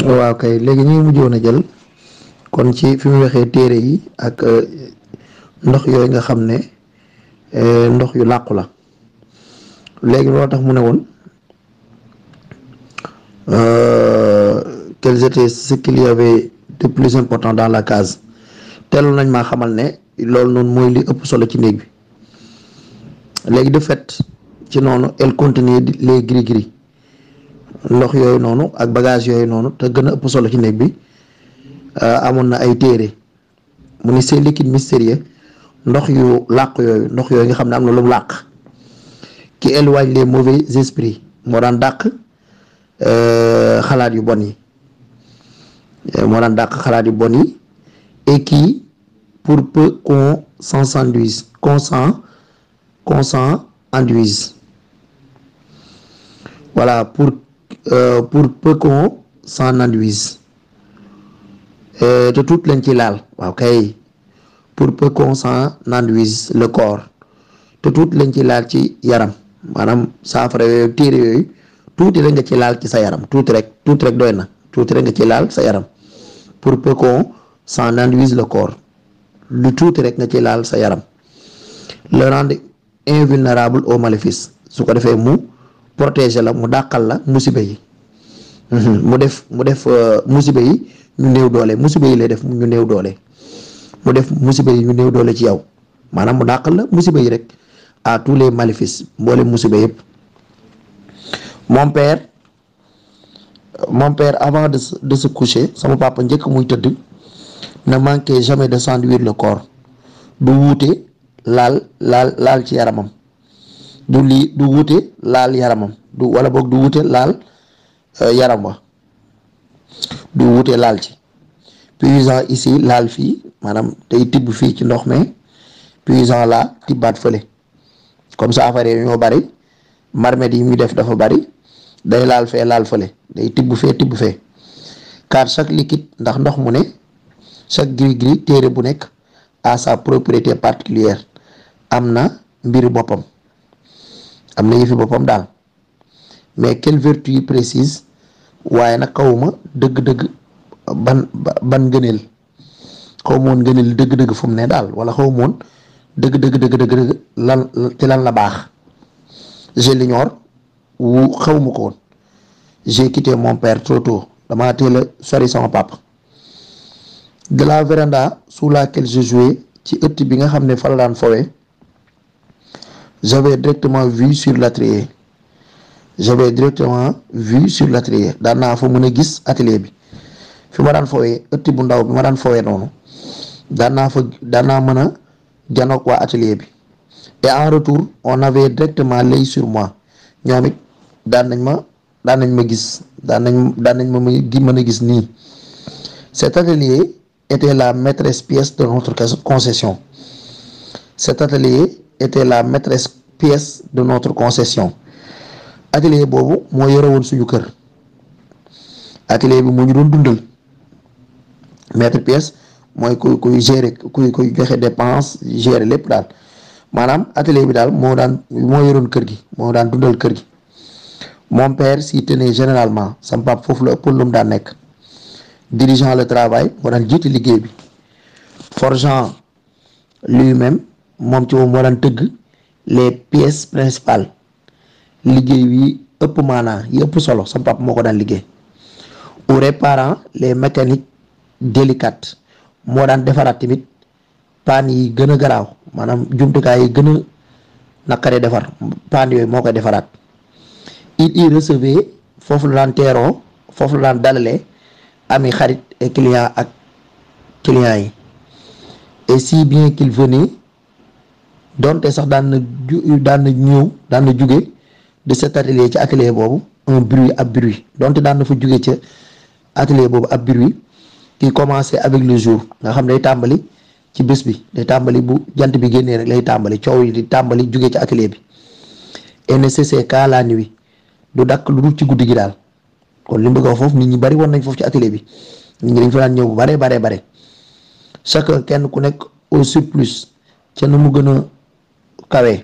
waaw kay léegi ñu ngi a jël kon ci fi mu waxee téere yi ak euh, ndox yooyu nga xam ne euh, ndox yu làqu la léegi loo tax mu ne woon euh, quels étaient ce qu'il y avait de plus important dans la case teelu nañ ma xamal ne loolu noonu mooy li ëpp solo ci néeg bi léegi de fait ci noonu elle contenait les gris-gris ndox yooyu noonu ak bagage yooyu noonu te gën a ëpp solo ci néeg bi euh, amoon na ay téere mu ni ces liquides mystérieux ndox yu làq yooyu ndox yooyu nga xam ne am na lu mu ki qui éloigne les mauvais esprits moo daan dàq euh, xalaat yu bon yi euh, moo daan dàq xalaat yu bon yi pour peu qu'on s'en enduise qu'on s'en qu'on s'en pour euh, pour peu qu'on s'en enduise te euh, tuut lañ ci laal waaw pour peu qu'on s'en enduise le corps te tuut lañ ci laal ci yaram maanaam saafara yooyu téere yooyu tuuti rek nga ci laal ci sa yaram tuuti rek tuuti rek doy na tuuti rek nga ci laal sa yaram pour peu qu'on s'en enduise le corps tuuti rek nga ci laal sa yaram le rendre invulnérable au maléfice su ko defee mu protéger la mu dàqal la musiba yi mhm. mu def mu def euh, musiba yi ñu néew doole musiba yi lay def ñu néew doole mu def musiba yi ñu néew doole ci yow maanaam mu dàqal la musiba yi rek à tous les maléfices mboole musiba yëpp mon père mon père avant de se de se coucher sama papa njëkk muy tëdd ne manquez jamais de s'enduire le corps du wuute laal laal laal ci yaramam. du lii du wute laal yaramam du wala boog du wute laal euh, yaram wa du wute laal ci puissant issi laal fii maanam day tibb fii ci ndox mi puissant la tibbaat fële comme ça affaire yi bari marmite yi muy def dafa bari day laal fee laal fële day tibb fee tibb fee car chaque liquide ndax ndox mu ne chaque gris gris téere bu nekk à sa propriété particulière am na mbir boppam am na yëfi boppam daal mais quelle vertu yi précise waaye nag xawma dëgg-dëgg ban ban ngëneel xaw moon ngëneel dëgg-dëgg fu mu ne daal wala xaw moon dëgg-dëgg dëgg-dëgg lan ci lan la baax je wu xaw ma ko woon j'ai quitté mon père trop sori sama papa de la véranda sous laquelle je ci ëtt bi nga xam ne fa la daan fowee j'avais directement vu sur l'atelier j'avais directement vu sur l'atelier daan naa fa mën a gis atelier bi fi ma daan fowee ëtti bu ndaw bi ma daan fowee noonu daan naa fa daan naa mën a janoog waa atelier bi et en retour on avait directement l'œil sur moi ñoom it nañ ma daan nañ ma gis daan nañ daan nañ ma mën a gis nii cet atelier était la maîtresse pièce de notre concession cet atelier était la maîtresse pièce de notre concession atelier boobu moo yore woon suñu kër atelier bi mu ñu doon dundal maître pièce mooy kuy kuy gérer kuy kuy joxe dépense gérer lépp daal maanaam atelier bi daal moo daan moo yoroon kër gi moo daan dundal kër gi mon père s'y tenait généralement sam pap foofu la ëpp lu daan nekk dirigeant le travail moo daan jiite liggéey bi forgeant lui-même moom ci moom moo daan tëgg les pièces principales liggéey yi ëpp maanaa yi ëpp solo sama papa moo ko daan liggéey ou réparant les mécaniques délicates moo daan defaraat tamit paan yi gën a garaaw maanaam jumtukaay yi gën a naqaree defar paan yooyu moo koy defaraat il y recevait foofu la daan teeroo foofu la daan dalalee ami xarit et client ak clients yi et si bien qu'il donte sax daan na ju daan na ñëw daan na jóge de cet atelier ci atelier boobu un bruit ab bruit donte daan na fa juge ca atelier boobu ab bruit qui commençait avec le jour nga xam day tàmbali ci bés bi day tàmbali bu jant bi génnee rek lay tàmbali coow yi di tàmbali jóge ci atelier bi et ne wi du dakk lu dul ci guddi gi daal kon li mu foofu nit ñi bari woon nañ foofu ci atelier bi nit ñi dañ fa daan ñëw bu baree baree bare chaque kenn ku nekk au surplus ca nu mu gën kawe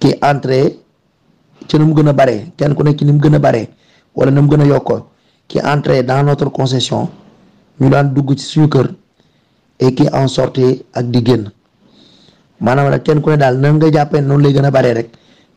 ki entré ci nu mu gën a bare kenn ku nekk ci ni mu gën a bare wala ni mu gën a yokkoo qui entrait dans notre concession ñu daan dugg ci suñu kër et qui en sorte ak di génn maanaam nag kenn ku ne daal nan nga jàppee noonu lay gën a baree rek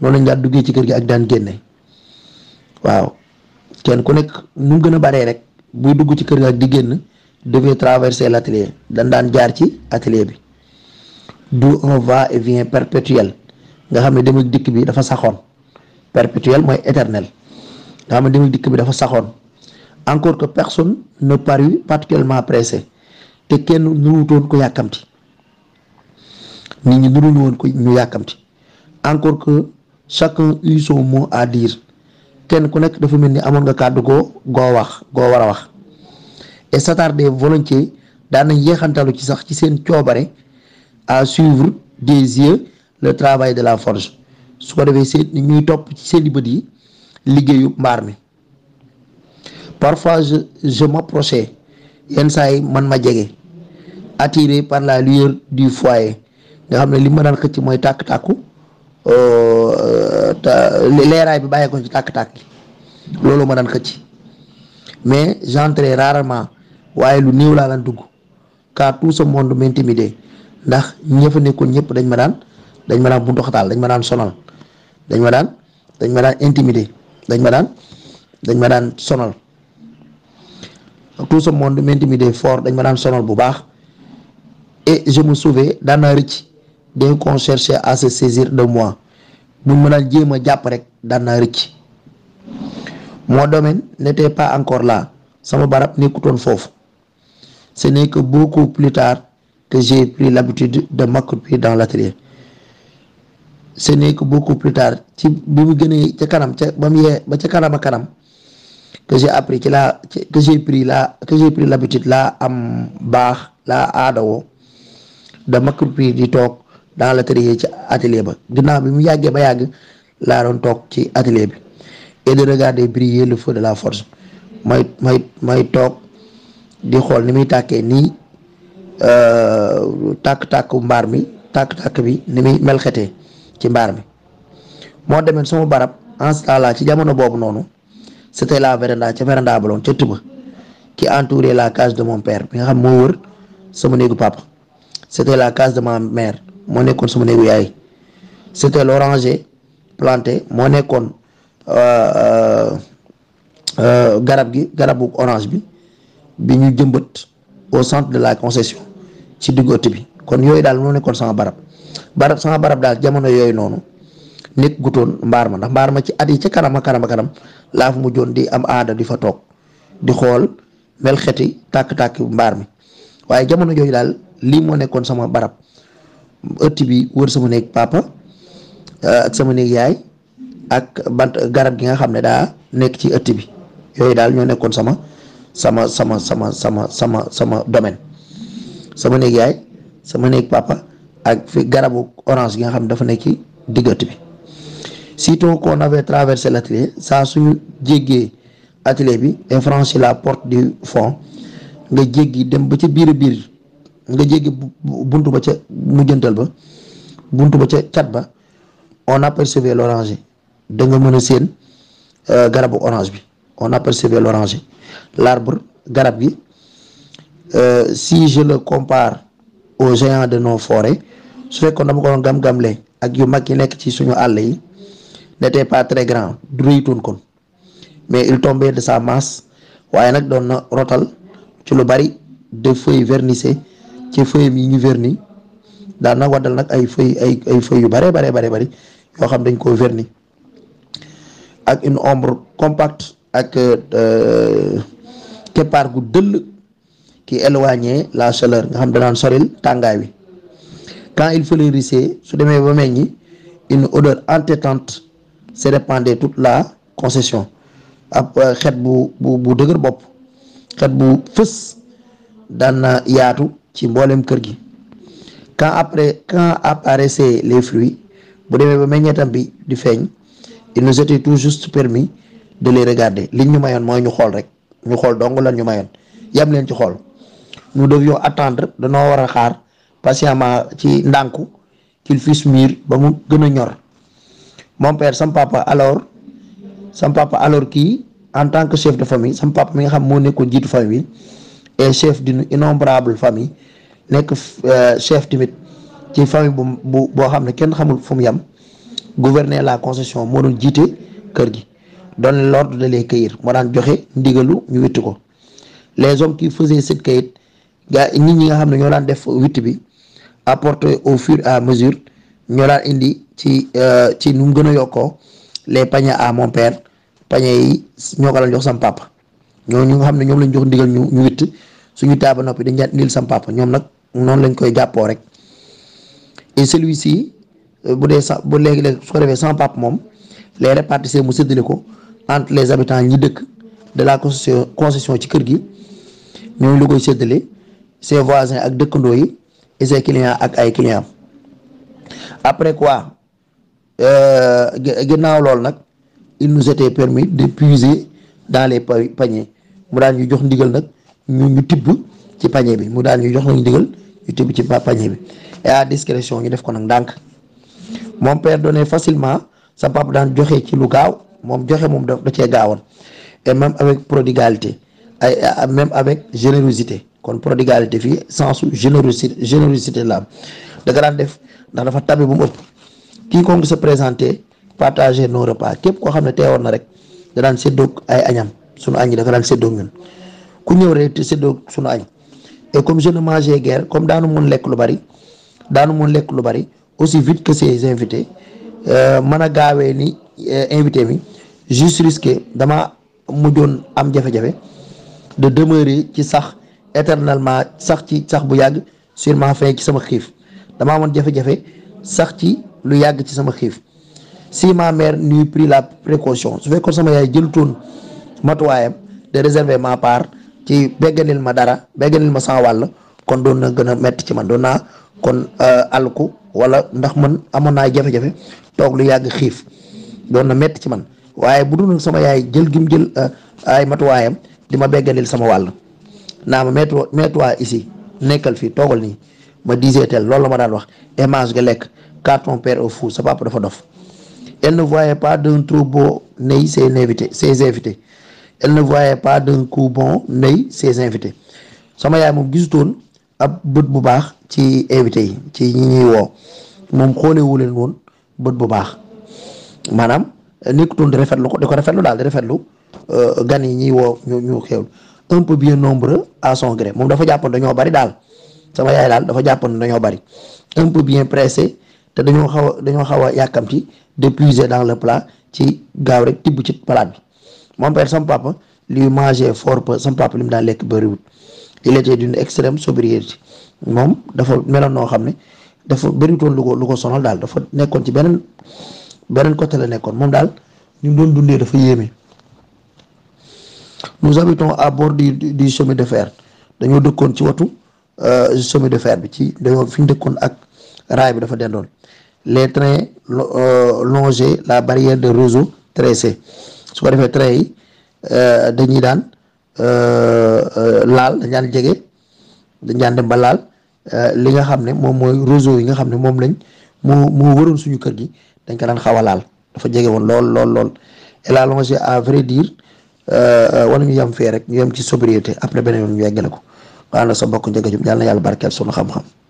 noonu lañ daan duggee ci kër gi ak daan génne waaw kenn ku nekk nu mu gën a baree rek buy dugg ci kër gi ak di génn devait traverser l' atelier dañ daan jaar ci atelier bi du un va et vient perpétuel nga xam ne dem dikk bi dafa saxoon perpétuel mooy éternel nga xam ne dem dikk bi dafa saxoon encore que personne ne parut particulièrement pressé te kenn nurutoon ko yàkkamti nit ñi nuruñu woon ko ñu yàkkamti encore que chaque eut son mot à dire kenn ku nekk dafa mel ni amoon nga kàddu goo goo wax goo war a wax et s'attarder volontiers daan nañ yéexantalu ci sax ci seen coobare à suivre des yeux le travail de la forge su ko defee seen ñuy topp ci seeni bët yi liggéeyu mbaar mi parfois je je m'approchais yenn saa yi man ma jege attiré par la lueur du foyer nga xam ne li ma daan xëcc mooy tàkk-tàkku euh, leeraay bi bàyyeekoo ci tàkk-tàkk loolu ma daan xëcc mais j'entrais rarement waaye lu néew laa daan dugg car tout sa monde m'intimidait ndax ñi nekkoon ñëpp dañ ma daan dañ ma daan bu daal dañ ma daan sonal dañ ma daan dañ ma daan intimider dañ ma daan dañ ma daan sonal tout ce monde m'intimider fort dañ ma daan bu baax et je me sauvais daan naa rëcc dès qu'on cherchait à se saisir de mois buñ ma daan jéem a jàpp rek daan naa rëcc mon domaine n'était pas encore la sama barab nekkutoon foofu ce n'est que plus tard. et j'ai pris l'habitude de m'accroupir dans l'atelier ce n'est que beaucoup plus tard ci bi mu gënee ca kanam ca ba mu yee ba ca kanam a kanam que j'ai appris ci laa que j'ai pris la que j'ai pris laa am baax laa aadawoo da m'accroupir di toog dans l'atelier ci atelier ba ginnaaw bi mu yàggee ba yàgg laa doon toog ci atelier bi et de regarder briller le feu de la force may may may di xool ni muy tàkkee nii Euh, tàkk-tàkku mbaar mi tàkk-tàkk bi ni muy melxetee ci mbaar mi moo demee suma barab en ci jamono boobu noonu c'était la véranda ca véranda baloon ca tuba qui entourait la case de mon père bi nga xam moo wër sama néegu papa c'était la case de ma mère moo nekkoon sama néegu yaay c'était l'oranger planté moo nekkoon euh, euh, garab gi garabu orange bi bi ñu jëmbët au centre de la concession ci diggu ëtt bi kon yooyu daal moo nekkoon sama barab barab sama barab daal jamono yooyu noonu nekk gutoon mbaar ma ndax mbaar ma ci at yi ca kanama a kanam a kanam laa fa di am aada di fa toog di xool mel xeti tàkk-tàkk mbaar mi waaye jamono yooyu daal lii moo nekkoon sama barab ëtt bi wër sama néeg papa euh, ak sama néeg yaay ak bant garab gi nga xam ne daa nekk ci ëtt bi yooyu daal ñoo nekkoon sama sama sama sama sama sama sama domaine sama néeg yaay sama néeg papa ak fi garabu orange gi nga xam dafa nekk ci diggante bi sitôt qu'on traversé l'atelier saa suñu jéggee atelier bi et la porte du fond nga jéggi dem ba ca biir biir nga jéggi buntu ba ca mujjantal ba buntu ba ca cat ba on apercevait l'oranger da nga mën a seen euh, garabu orange bi on apercevait l'oranger l'arbre garab gi euh, si je le compare au géants de nos forêts su fekkoon dama ko doon gam-gamle ak yu mag yi nekk ci suñu àll yi n'était pas très grand du rëytoon kon mais il tombait de sa masse waaye nag doon na rotal ci lu bari de feuilles vernissées ci feuilles mi ñu verni daal na waddal nag ay feuilles ay ay feuilles yu bare bare bare bari yoo xam dañ koo verni ak une ombre compacte ak euh, keppaar gu dëll qui éloignait la chaleur nga xam danaan soril tàngaay wi quand il fleurissait su demee ba meññi une odeur entêtante se répandait tout la concession ab euh, xet bu bu bu dëgër bopp xet bu fës daan na yaatu ci mboolem kër gi quand après quand apparaissaient les fruits bu demee ba meññeetam bi di feeñ il nous était tout juste permis de les regarder liñ ñu mayoon mooy ñu xool rek ñu xool dong lan ñu mayoon yam leen ci xool nous devions attendre danoo war a xaar patiemment ci ndànku qu'il puisse miir ba mu gën a ñor mon père sam papa alors sam alors kii en tant que chef de famille sam papa mi nga xam moo nekkoon jiitu famille et chef d'une innombrable famille nekk euh, chef tamit ci famille bu bu boo xam ne kenn xamul fu mu yam gouverner la concession moo doon jiite kër gi donne l'ordre de les cueillir moo daan joxe ndigalu ñu witti ko les hommes qui faisaient cette cueillette nit ñi nga xam ne ñoo daan def witti bi apporté au fur à mesure ñoo daan indi ci euh, ci nu mu gën a yokkoo les paniers à mon père yi ñoo ko daan jox sam papa ñooñu nga xam ne ñoom lañ jox ndigal ñu ñu witt suñu taaba noppi dañ daan indil sam papa ñoom nag noonu lañ koy jàppoo rek et celui euh, bu dee sa bu léegi-léeg su ko defee sam moom les répartisseurs mu séddale ko. entre les habitants ñi dëkk de la concession concession ci kër gi ñooñu lu koy séddale ses voisins ak dëkkandoo yi et ses clients ak ay clients après quoi euh, ginnaaw loolu nag il nous était permis de puiser dans les paniers mu daan ñu jox ndigal nag ñu ñu tibb ci panier bi mu daan ñu jox nag ndigal ñu tibb ci panier bi et à discrétion ñu def ko nag ndànk mon père facilement sa papa daan joxe ci lu gaaw. moom joxe moom da cee gaawoon et même avec prodigalité ay même avec générosité kon prodigalité fii sensu générosité générosité la am daan def ndax dafa tabe bu ëpp quiconque se présenter partager nos repas képp koo xam ne teewoon na rek da daan ay añam sunu añ yi da ko daan séddoog ñun ku ñëw rek séddoog sunu añ et comme je ne mangeais comme daanu mun lekk lu bari daanu mun lekk lu bari aussi vite que ses invités euh, mën a gaawee ni. Euh, invité bi juste risqué dama mujjoon am jafe-jafe de demeurer ci sax éternellement sax ci sax bu yàgg sur ma ci sama xiif dama amoon jafe-jafe sax ci lu yàgg ci sama xiif si ma mère n'eût pris la précaution su fekkoon sama yaay jëlutoon matuwaayam de réserver ma part ci begganil ma dara begganil ma sama wàll kon doon na gën a metti ci ma doon naa kon euh, alku wala ndax man amoon naa jafe-jafe toog lu yàgg xiif doon na métti ci man waaye bu dul sama yaay jël gim jël euh, ay matuwaayam di ma beggandil sama wàll naa ma mettu mettuwaay ici nekkal fii toogal nii ma disais loolu la ma daan wax et nga lekk car ton au fou sa papa dafa dof elle ne voyait pas d'un trou bon ney ses invités invités elle ne voyait pas d'un bon ney ses invités sama yaay moom gisutoon ab bët bu baax ci invité yi ci ñi ñuy woo moom xoolewu leen woon bët bu baax maanaam nekkutoon di rafet ko di ko rafetlu daal di rafetlu euh, gan yi ñuy woo ñu ñu xewlu un peu bien nombreux à son gré moom dafa jàppoon dañoo bari daal sama yaay daal dafa jàppoon dañoo bari un peu bien pressé te dañoo xaw dañoo xaw a yàkkamti de puiser dans le plat ci gaaw rek tibb ci palaat bi moom père sama papa lui mangeait fort peu sama papa li mu daan lekk bëriwul il était d'une extrême sobriété moom dafa meloon noo xam ne dafa bëriwutoon lu ko lu ko sonal daal dafa nekkoon ci beneen. beneen côté la nekkoon moom daal ñu doon dundee dafa yéeme nous habitons à bord du du chemin de fer dañoo dëkkoon ci watu chemin euh, de fer bi ci dañoo fi ñu dëkkoon ak raay bi dafa dendoon les trains euh, longeaient la barrière de réseau tressé su ko defee train yi euh, dañuy daan laal dañ daan jege dañ daan dem ba laal li nga xam ne moom mooy réseau yi nga xam ne moom lañ moo moo waroon suñu kër gi dañ ko laal xaw a laal dafa jege woon lool lool lool et là l'on sait à vrai dire euh, euh, wala ñu yem fee rek ñu yem ci sobriété après beneen yoon ñu yeggale ko waaw na sa mbokk njëkk a jub yàlla na yàlla barkeel sunu xam-xam.